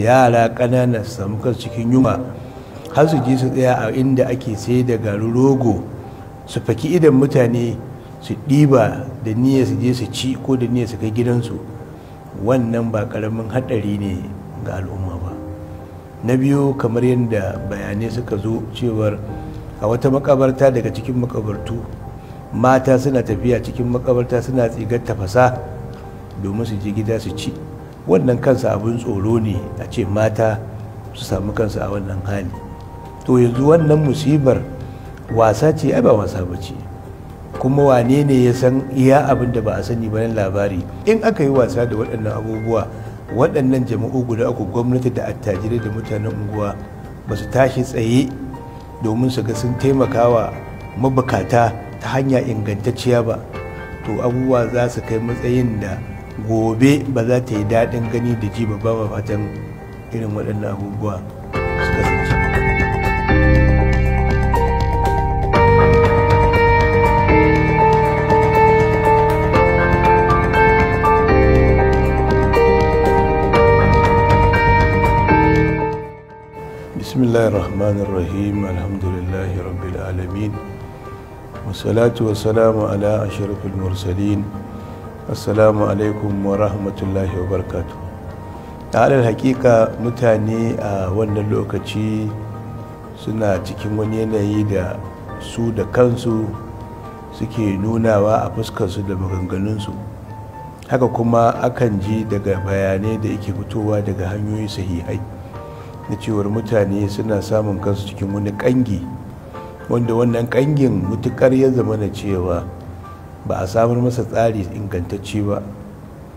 yara ƙananan su cikin yunwa har su je su tsaya a inda ake sai da garin rogo su faki idan mutane su ɗiba da niyyar su je su ci ko da niyyar su kai gidansu wannan ba ƙaramin haɗari ne ga al'umma ba na biyu kamar yadda bayanai suka zo cewar a wata makabarta daga cikin makabartu mata suna tafiya cikin makabarta suna tsigar tafasa domin su je gida su ci wannan kansa abin tsoro ne a ce mata su samu kansu a wannan hali to yanzu wannan musibar wasa ce ai ba wasa ba ce kuma wane ne ya san iya abin da ba a sani bayan labari in aka yi wasa da waɗannan abubuwa waɗannan jama'u guda uku gwamnati da attajirai da mutanen unguwa ba su tashi tsaye domin su ga sun taimaka wa mabukata ta hanya ingantacciya ba to abubuwa za su kai matsayin da gobe ba za ta yi daɗin gani da ji babba ba fatan irin waɗannan abubuwa su kasance بسم الله الرحمن الرحيم الحمد لله رب العالمين والصلاة والسلام على أشرف المرسلين assalamu alaikum wa rahmatullahi wa barkatu a halar hakika mutane a wannan lokaci suna cikin wani yanayi da su da kansu suke nunawa a fuskarsu da maganganunsu haka kuma akan ji daga bayanai da yake fitowa daga hanyoyi sahihai na cewar mutane suna samun kansu cikin wani kangi wanda wannan kangin mutukar ya zama na cewa ba a samar masa tsari ingantacce ba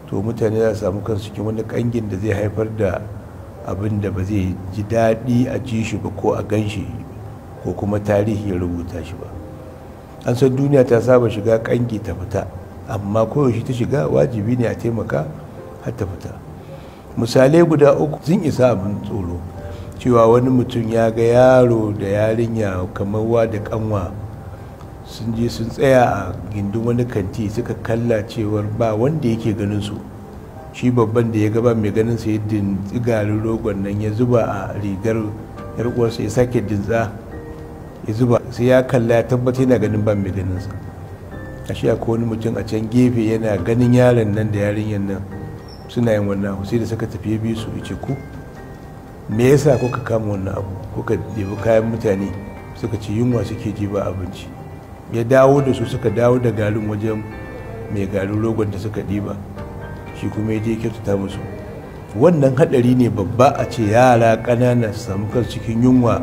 to mutane za su samu kansu cikin wani kangin da zai haifar da abin da ba zai ji daɗi a ji shi ba ko a gan shi ko kuma tarihi ya rubuta shi ba an san duniya ta saba shiga kangi ta fita amma koyaushe ta shiga wajibi ne a taimaka har ta fita misalai guda uku sun isa abin tsoro cewa wani mutum ya ga yaro da yarinya kamar wa da kanwa sun je sun tsaya a gindin wani kanti suka kalla cewar ba wanda yake ganin su shi babban da ya gaba mai ganin sa yadda tsigarin rogon nan ya zuba a rigar yar uwarsa ya sake dintsa ya zuba sai ya kalla ya tabbata yana ganin ba mai ganin sa shi akwai wani mutum a can gefe yana ganin yaron nan da yarinyar nan suna yin wannan abu sai da suka tafi biyu su ce ku me yasa kuka kama wannan abu kuka debi kayan mutane suka ce yunwa suke ji abinci ya dawo da su suka dawo da garin wajen mai garin rogon da suka ɗiba shi kuma ya je kyautata musu wannan haɗari ne babba a ce yara ƙanana su samu kansu cikin yunwa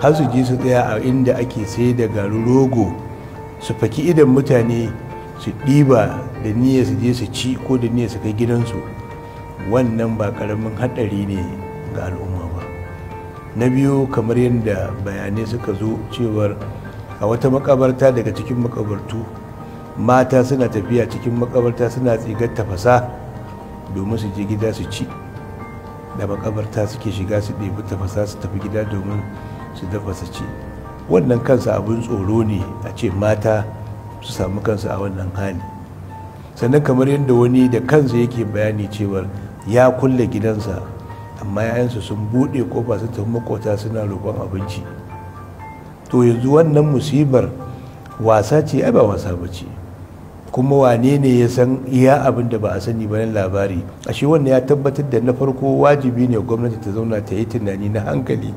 har su je su tsaya a inda ake sai da garin rogo su faki idan mutane su ɗiba da niyyar su je su ci ko da niyyar su kai gidansu wannan ba ƙaramin haɗari ne ga al'umma ba na biyu kamar yadda bayanai suka zo cewar a wata makabarta daga cikin makabartu mata suna tafiya cikin makabarta suna tsigar tafasa domin su je gida su ci da makabarta suke shiga su ɗebi tafasa su tafi gida domin su su ci wannan kansa abin tsoro ne a ce mata su samu kansu a wannan hali sannan kamar yadda wani da kansa yake bayani cewar ya kulle gidansa amma 'ya'yansa sun buɗe kofa sun tafi makota suna roƙon abinci to yanzu wannan musibar wasa ce ai ba wasa ba ce kuma wane ne ya san iya abin da ba a sani ba labari ashe wannan ya tabbatar da na farko wajibi ne gwamnati ta zauna ta yi tunani na hankali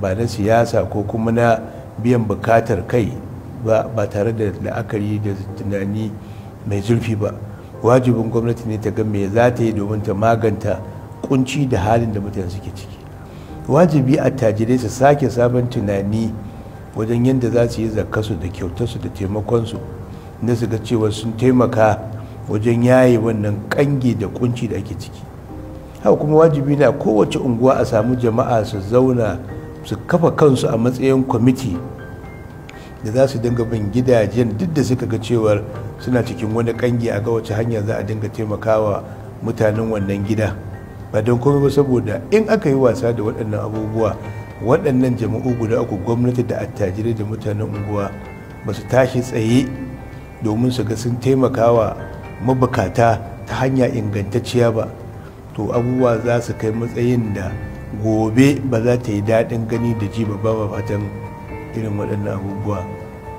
ba na siyasa ko kuma na biyan bukatar kai ba tare da la'akari da tunani mai zurfi ba wajibin gwamnati ne ta ga me za ta yi domin ta maganta kunci da halin da mutane suke ciki wajibi attajirai su sake sabon tunani wajen yadda za su yi zakkasu da kyautarsu da taimakonsu na su ga cewa sun taimaka wajen yaye wannan kange da kunci da ake ciki haka kuma wajibi na kowace unguwa a samu jama'a su zauna su kafa kansu a matsayin kwamiti da za su dinga bin gidajen duk da suka ga cewar suna cikin wani kange a ga wace hanya za a dinga taimakawa mutanen wannan gida ba don komai ba saboda in aka yi wasa da waɗannan abubuwa waɗannan jama'u guda uku gwamnati da attajirai da mutanen unguwa ba su tashi tsaye domin su ga sun taimaka wa mabukata ta hanya ingantacciya ba to abubuwa za su kai matsayin da gobe ba za ta yi daɗin gani da ji ba ba fatan irin waɗannan abubuwa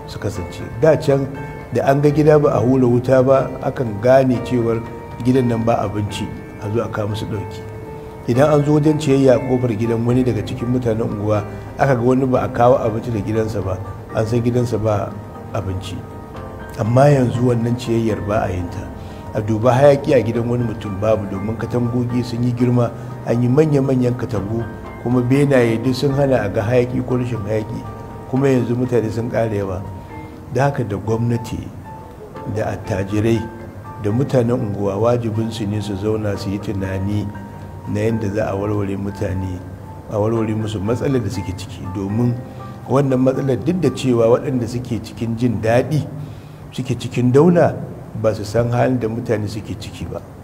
su kasance da can da an ga gida ba a hula wuta ba akan gane cewar gidan nan ba abinci a zo a kawo musu ɗauki idan an zo wajen ciyayya a kofar gidan wani daga cikin mutanen unguwa aka ga wani ba a kawo abinci da gidansa ba an san gidansa ba abinci amma yanzu wannan ciyayyar ba a yin a duba hayaki a gidan wani mutum babu domin katangogi sun yi girma an yi manya-manyan katangu kuma benaye duk sun hana a ga hayaki ko rashin hayaki kuma yanzu mutane sun ƙara yawa da haka da gwamnati da attajirai da mutanen unguwa wajibinsu ne su zauna su yi tunani na yadda za a warware mutane a warware musu matsalar da suke ciki domin wannan matsalar duk da cewa waɗanda suke cikin jin daɗi suke cikin dauna ba su san halin da mutane suke ciki ba